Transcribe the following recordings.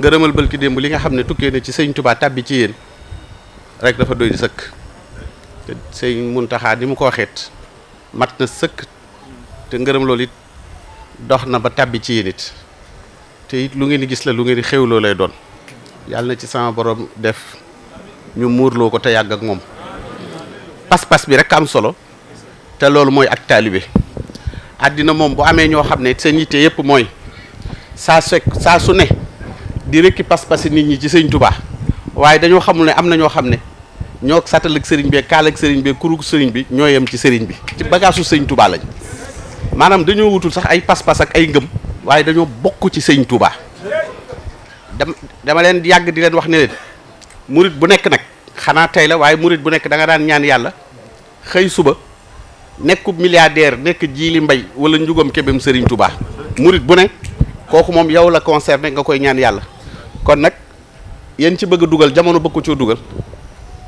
ngërëmal bëlki démb li nga xam ne tukkee na ci sëñ Tuubaa tàbbi ci yéen rek dafa doy di sëkk te sëñ Muntaxaa ni mu ko waxeet mat na sëkk te ngërëm loolu it dox na ba tàbbi ci yéen it te it lu ngeen di gis la lu ngeen di xewloo lay doon yàlla ci sama borom def ñu muurloo ko te yàgg ak moom pas-pas bi rek am solo te loolu mooy ak taalibe àddina moom bu amee ñoo xam ne seen yitte yëpp mooy saa su saa su ne di rëkki pas-pasi nit ñi ci sëñ tubaa waaye dañoo xamul ne am na ñoo xam ne ñoo satal ak sëriñ bi kaal ak sëriñ bi kurug sëriñ bi ñoo yem ci sëriñ bi ci bagaasu sëñ tubaa lañ maanaam dañoo wutul sax ay pas-pas ak ay ngëm waaye dañoo bokk ci sëñ tubaa dama dama leen yàgg di leen wax ne leen murit bu nekk nag xanaa tey la waaye murit bu nekk da nga daan ñaan yàlla xëy suba nekkub milliardaire nekk jiili mbay wala njugam kebem sëriñ tubaa murit bu ne kooku moom yow la concerné nga koy ñaan yàlla kon nag yéen ci bëgg dugal jamono bëgg ko dugal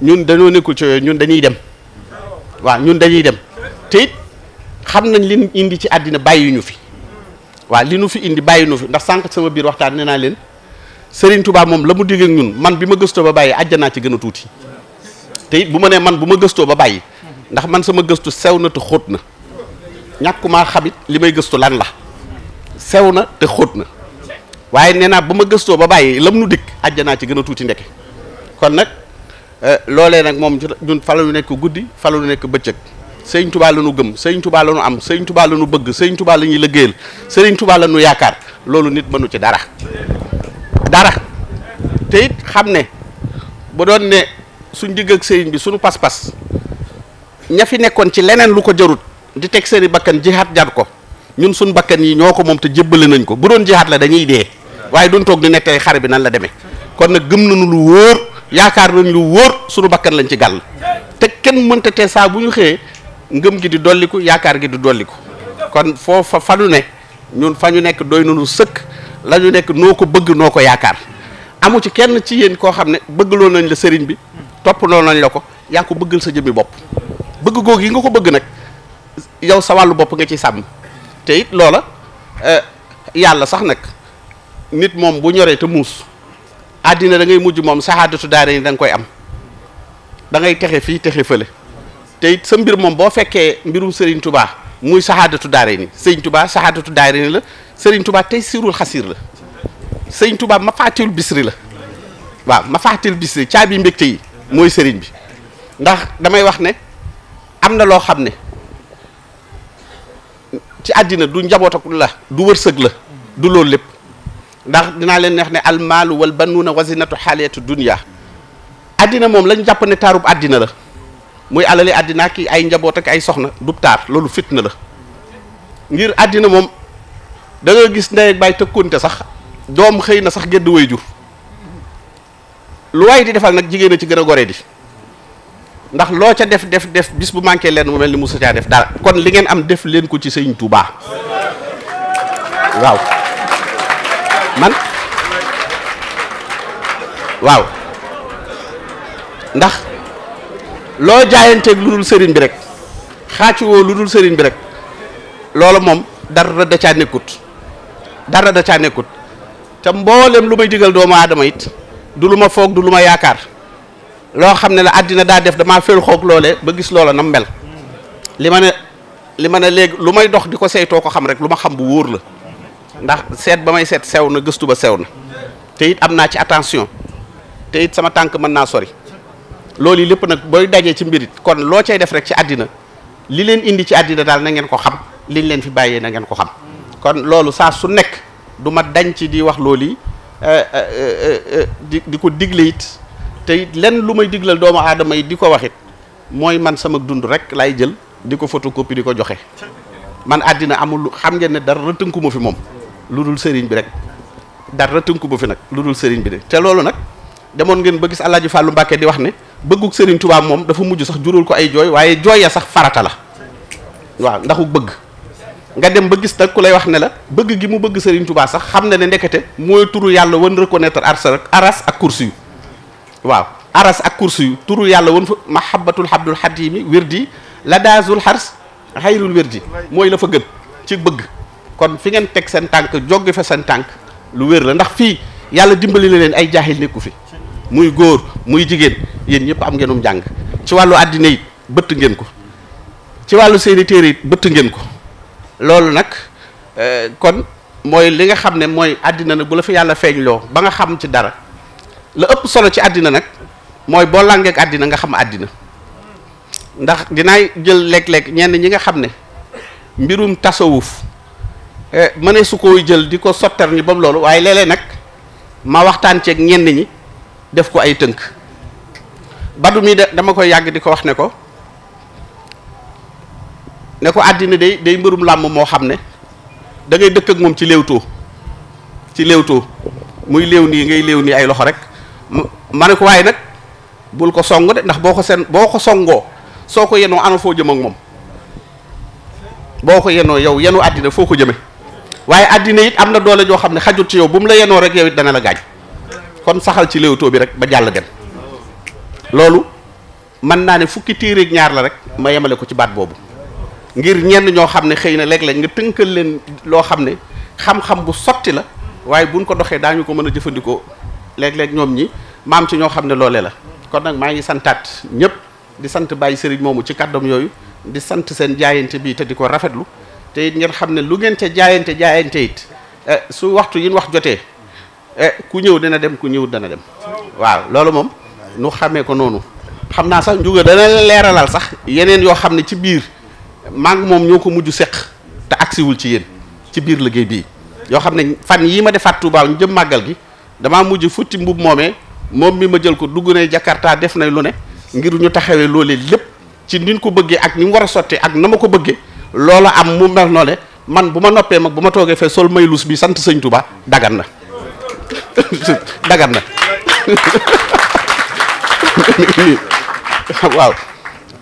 ñun dañoo nekkul ci ñun dañuy dem waaw ñun dañuy dem te it xam nañ li indi ci àddina bàyyi ñu fi waa li nu fi indi bàyyi nu fi ndax sànq sama biir waxtaan nee naa leen Serigne Touba moom la mu digg ñun man bi ma gëstoo ba bàyyi àjjanaa ci gën a tuuti te it bu ma nee man bu ma gëstoo ba bàyyi ndax man sama gëstu sew na te xóot na ñàkkumaa xamit li may gëstu lan la sew na te xóot na waaye nee naa ba ma gëstoo ba bàyyi lam nu dikk àjjanaa ci gën a tuuti ndeke kon nag eh, loolee nag moom ñun fa la ñu nekk guddi fa la ñu nekk bëccëg sëriñ tubaa la ñu gëm sëriñ tubaa la ñu am sëriñ tubaa la ñu bëgg sëriñ tubaa la ñuy liggéeyal sëriñ tubaa la yaakaar loolu nit mënu ci dara dara te xam ne bu doon ne suñ digg ak sëriñ bi suñu pas-pas ña fi nekkoon ci leneen lu ko jarut di teg seeni bakkan jihaat jar ko ñun suñ bakkan yi ñoo ko moom te jébbale nañ ko bu doon jihaat dañuy dee waaye duñ toog di nettali xare bi nan la demee kon nag gëm nañu lu wóor yaakaar nañ lu wóor suñu bakkan lañ ci gàll te kenn mënta te saa bu ñu xëyee ngëm gi di dolliku yaakaar gi di dolliku kon foofa fa nu ne ñun fa ñu nekk doy nañu sëkk la ñu nekk noo ko bëgg noo ko yaakaar amu ci kenn ci yéen koo xam ne bëgg bëggloo nañ la sëriñ bi toppaloo nañ la ko yaa ko bëggal sa jëmmi bopp bëgg goog gi nga ko bëgg nag yow sa wàllu bopp nga ci sàmm te it loola eh, yàlla sax nag nit mom bu ñoré te mus adina da ngay mujj mom saxaadatu daara ni dang koy am da ngay texe fi texe feulé te it sa mbir mom bo féké mbirum Serigne Touba muy saxaadatu daara ni Serigne Touba saxaadatu daara ni la Serigne Touba tay sirul khasir la Serigne Touba mafatil bisri la wa mafatil bisri bisri caabi mbekté yi moy Serigne bi ndax damay wax ne amna lo xamné ci adina du njabotakul la du wërseug la du lol lépp. ndax dina len neex ne al mal wal banuna wazinatu halatu dunya adina mom lañu jàpp ne tarub adina la muy alali adina ki ay njabot ak ay soxna du tar loolu fitna la ngir adina mom da nga gis ndey ak bay tekunte sax dom xeyna sax gëdd wayjur lu way di defal nak jigeena ci gëna gore di ndax lo ca def def def bis bu manké len mu melni musa ca def dara kon li ngeen am def len ko ci seigne touba waaw man waaw ndax loo jaayanteeg lu dul sëriñ bi rek xaaci woo lu dul sëriñ bi rek loolu moom dara da caa nekkut dara da caa nekkut te mboolem lu may digal doomu aadama it du lu ma foog du lu ma yaakaar loo xam ne la àddina daa def damaa fel xoog loole ba gis loola nam mel li ma ne li ma ne léegi lu may dox di ko saytoo ko xam rek lu ma xam bu wóor la ndax set bamay set seet sew na gëstu ba sew na te it amna ci attention te it sama tank man na sori loli lepp nak boy dajé ci mbirit kon lo cey def rek ci adina li leen indi ci adina dal na ngeen ko xam li leen fi baye na ngeen ko xam kon lolu sa su nek du ma dañ ci di wax euh euh di di ko diglé it te it lenn lu may diglal doomu adamay di ko wax it man sama dund rek lay jël di photocopie di ko joxe man adina amul xam ngeen ne dara tënku fi mom lu dul sëriñ bi rek dara tënku boo fi nag lu dul sëriñ bi de te loolu nag demoon ngeen ba gis Alaaji Fàllu Mbàkke di wax ne bëggug sëriñ tubaab moom dafa mujj sax jurul ko ay jooy waaye jooy ya sax farata la waaw ndaxu bëgg nga dem ba gis nag ku lay wax ne la bëgg gi mu bëgg sëriñ Tuubaa sax xam na ne ndekete mooy turu yàlla wan reconnaître ars aras ak kursi yu waaw aras ak kursi yu turu yàlla wan fa mahabbatul habdul hadimi wér di la daazul xars xayrul wér di mooy la gën ci bëgg kon fi ngeen teg seen tànk joggi fa seen tànk lu wér la ndax fii yàlla dimbali na leen ay jaaxil nekku fi muy góor muy jigéen yéen ñëpp am ngeenum jàng ci wàllu àddina it bëtt ngeen ko ci wàllu seeni téere it bëtt ngeen ko loolu nag euh, kon mooy li nga xam ne mooy àddina nag bu la fi yàlla feeñloo ba nga xam ci dara la ëpp solo ci àddina nag mooy boo làngeek àddina nga xam àddina ndax dinaay jël léeg-léeg ñenn ñi nga xam ne mbirum tasawuf Eh, mënee su koy jël di ko sottar ni ba loolu waaye léeg nag ma waxtaan ceeg ñenn ñi def ko ay tënk badu mii mi dama koy yàgg di ko wax ne ko ne ko àddina day day mbërum làmb moo xam ne dangay ngay moom ci léewtoo ci léewtoo muy léew nii ngay léew nii ay loxo rek ma ne ko waaye nag bul ko song de ndax boo ko seen boo ko songoo soo ko yenoo ana foo jëm ak moom boo ko yenoo yow yenu àddina foo ko jëme waaye àddina it am na doole joo xam ne xajut ci yow bu mu la yenoo rek yow it dana la gaañ kon saxal ci Leewtoo bi rek ba jàll dem loolu man naa ne fukki téereeg ñaar la rek ma yemale ko ci baat boobu ngir ñenn ñoo xam ne xëy na léeg-léeg nga tënkal leen loo xam ne xam-xam bu sotti la waaye buñ ko doxee daañu ko mën a jëfandikoo léeg-léeg ñoom ñi maam ci ñoo xam ne loole la kon nag maa ngi santaat ñëpp di sant bàyyi sëriñ moomu ci kàddoom yooyu di sant seen jaayante bi te di ko rafetlu te it ngeen xam ne lu ngeen ca jaayante jaayante it eh, su waxtu yin wax jotee eh, ku ñëw dana dem ku ñëw dana dem waaw loolu moom nu xamee ko noonu xam naa sax njuga dana leeralal sax yeneen yoo xam ne ci biir maa ngi moom ñoo ko mujj seq te agsiwul ci yéen ci biir liggéey bii yoo xam ne fan yii ma defaat Tuubaa ñu jëm màggal gi damaa mujj futti mbub moomee moom mi ma jël ko dugg na Jakarta def nay lu ne ngir ñu taxawee loolee lépp ci niñ ko bëggee ak ni mu war a sottee ak na ma ko bëggee Lola am mu mel nole, man buma noppé mak buma togué ma sol may lus bi sante seigne Touba dagan na dagan na waaw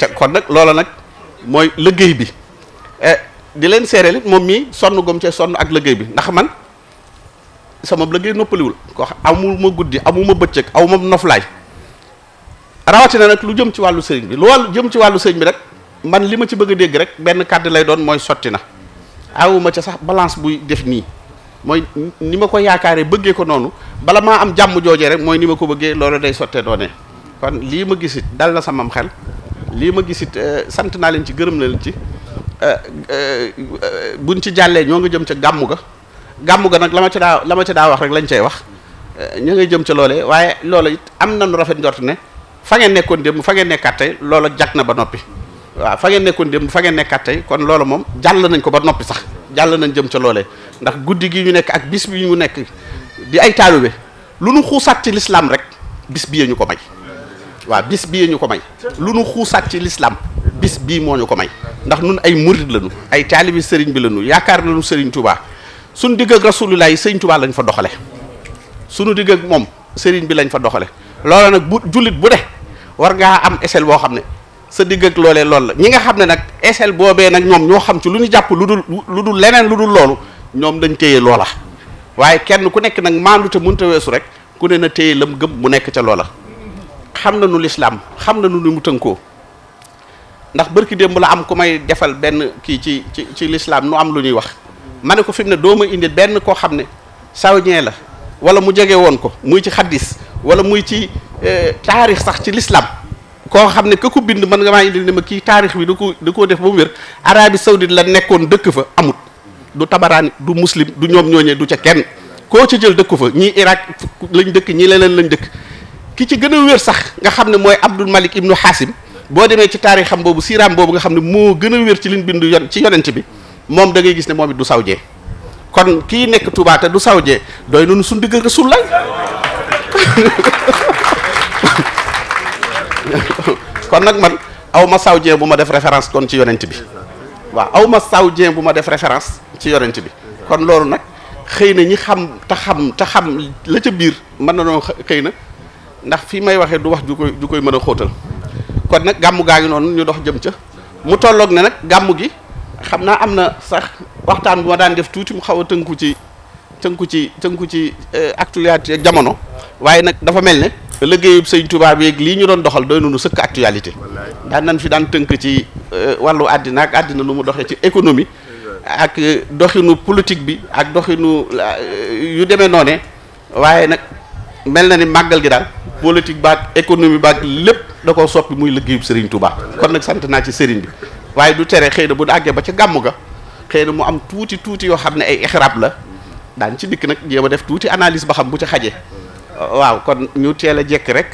té kon nak loola nak moy liggéey bi eh, di len seereel it moom mii gom ci sonu ak liggéey bi ndax man sama liggéey wul ko wax amuma guddi amuma bëccëg noflay rawati na nak lu jëm ci walu seigne bi lu wàllu jëm ci walu seigne bi rek man li ma ci bëgg a dégg rek benn kàddu lay doon mooy sotti na awuma ca sax balance buy def nii mooy ni ma ko yaakaaree bëggee ko noonu bala maa am jàmm joojee rek mooy ni ma ko bëggee loolu day sottee doonee kon lii ma gisit dal na samam xel lii ma gisit euh, sant naa leen ci gërëm na leen ci euh, euh, buñ ci jàllee ñoo nga jëm ca gàmmu ga gàmmu ga nag la ma ca daa la ma ca daa wax rek lañ cay wax ña ngay jëm ca loolee waaye loola it am na nu rafet njot ne fa ngeen nekkoon démb fa ngeen nekkaat tey loola na ba noppi waaw fa ngeen nekkoon dem fa ngeen nekkaat tey kon loolu moom jàll nañ ko ba noppi sax jàll nañ jëm ca loolee ndax guddi gi ñu nekk ak bis bi ñu nekk di ay taalibe lu nu xuusat ci lislaam rek bis bii ñu ko may waaw bis bii ñu ko may nu xuusaat ci lislaam bis bii moo ñu ko may ndax nun ay murid lañu ay taalibe sëriñ bi lañu yaakaar lañu sëriñ tubaa suñ digg ak rasulullah yi sëriñ Touba lañ fa doxale suñu digg moom sëriñ bi lañ fa doxale loolu nag bu jullit bu de war ngaa am échelle boo xam ne sa digg ak loolee loolu la ñi nga xam ne nag échelle boobee nag ñoom ñoo xam ci lu ñu jàpp lu dul lu dul leneen lu dul loolu ñoom dañ téye loola waaye kenn ku nekk nag maandu te mënta weesu rek ku ne na téye lam gëm mu nekk ca loola xam na nu lislaam xam na nu ni mu tënkoo ndax bërki démb la am ku may defal benn kii ci ci ci lislaam nu am lu ñuy wax ma ne ko fim mu ne doo ma benn koo xam ne saoudien la wala mu jege woon ko muy ci xaddis wala muy ci euh, taarix sax ci lislaam koo xam ne ka ku bind man nga maa indil ne ma kii taarix bi da ko da koo def ba mu wér Arabie Saoudite la nekkoon dëkk fa amut du tabaraani du muslim du ñoom ñooñee du ca kenn koo ca jël dëkku fa ñii Irak lañ dëkk ñii leen lañ dëkk ki ci gën a wér sax nga xam ne mooy Abdul Malik ibnu Xaasim boo demee ci taarixam boobu siiraam boobu nga xam ne moo gën a wér ci liñ bind yon ci yonent bi moom da ngay gis ne moom it du sawjee kon kii nekk Tuubaa te du sawjee doy nañu suñu digg Rasulullah kon nag man aw ma saw jeen bu ma def référence kon ci yonent bi waaw aw ma saw jeen bu ma def référence ci yonent bi kon loolu nag xëy na ñi xam te xam te xam la ca biir mën na noo xëy na ndax fii may waxee du wax ju koy ju koy mën a xóotal kon nag gàmmu gaa ngi noonu ñu dox jëm ca mu tollook ne nag gàmmu gi xam naa am na sax waxtaan bu ma daan def tuuti mu xaw a tënku ci tënku ci tënku ci euh, actualité ak jamono waaye nag dafa mel ne te liggéeyub sëñ Tuubaa bi lii ñu doon doxal doy nañu sëkk actualité daan nañ fi daan tënk ci euh, wàllu àddina ak àddina lu mu doxee ci économie ak doxinu politique bi ak doxinu euh, yu demee noone waaye nag mel na ni màggal gi daal politique baak économie baak lépp da koo soppi muy liggéeyub Serigne tubaab kon nag sant naa ci Serigne bi waaye du tere xëy na bu àggee ba ca gàmm ga xëy na mu am tuuti tuuti yoo xam ne ay ixraab la mm-hmm. daan ci dikk nag jéem a def tuuti analise ba xam bu ca xajee waaw kon ñu teel a jekk rek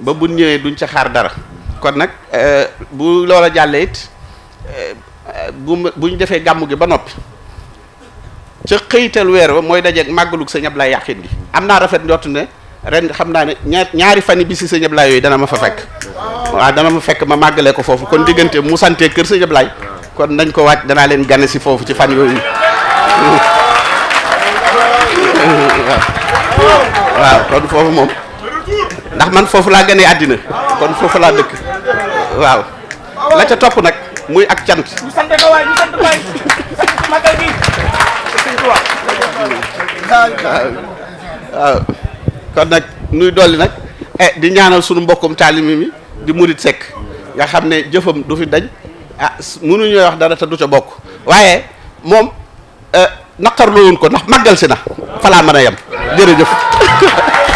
ba bu ñëwee duñ ca xaar dara kon nag euh, bu loola jàllee it euh, bu buñ defee gàmm gi ba noppi ca xëyital weer wa mooy dajeeg màggalug sa ñab laay yàqin gi am naa rafet njott ne ren xam naa ne ñaari fani bi si sa ñab laay yooyu dana ma fa fekk waaw dana ma fekk ma màggalee ko foofu kon diggante mu kër sa ñab kon nañ ko waaj danaa leen gane si foofu ci fan yooyu waaw kon foofu moom ndax man foofu laa gënee àddina kon foofu laa dëkk waaw la ca topp nag muy ak cant ñu sant waaw kon nag nuy dolli nag eh di ñaanal sunu mbokkum taalimi mi di murit sekk nga xam ne jëfam du fi dañ ah mënuñoo wax dara te du ca bokk waaye moom eh, naqarloo woon ko ndax màggal si na falaa mën a yem jërëjëf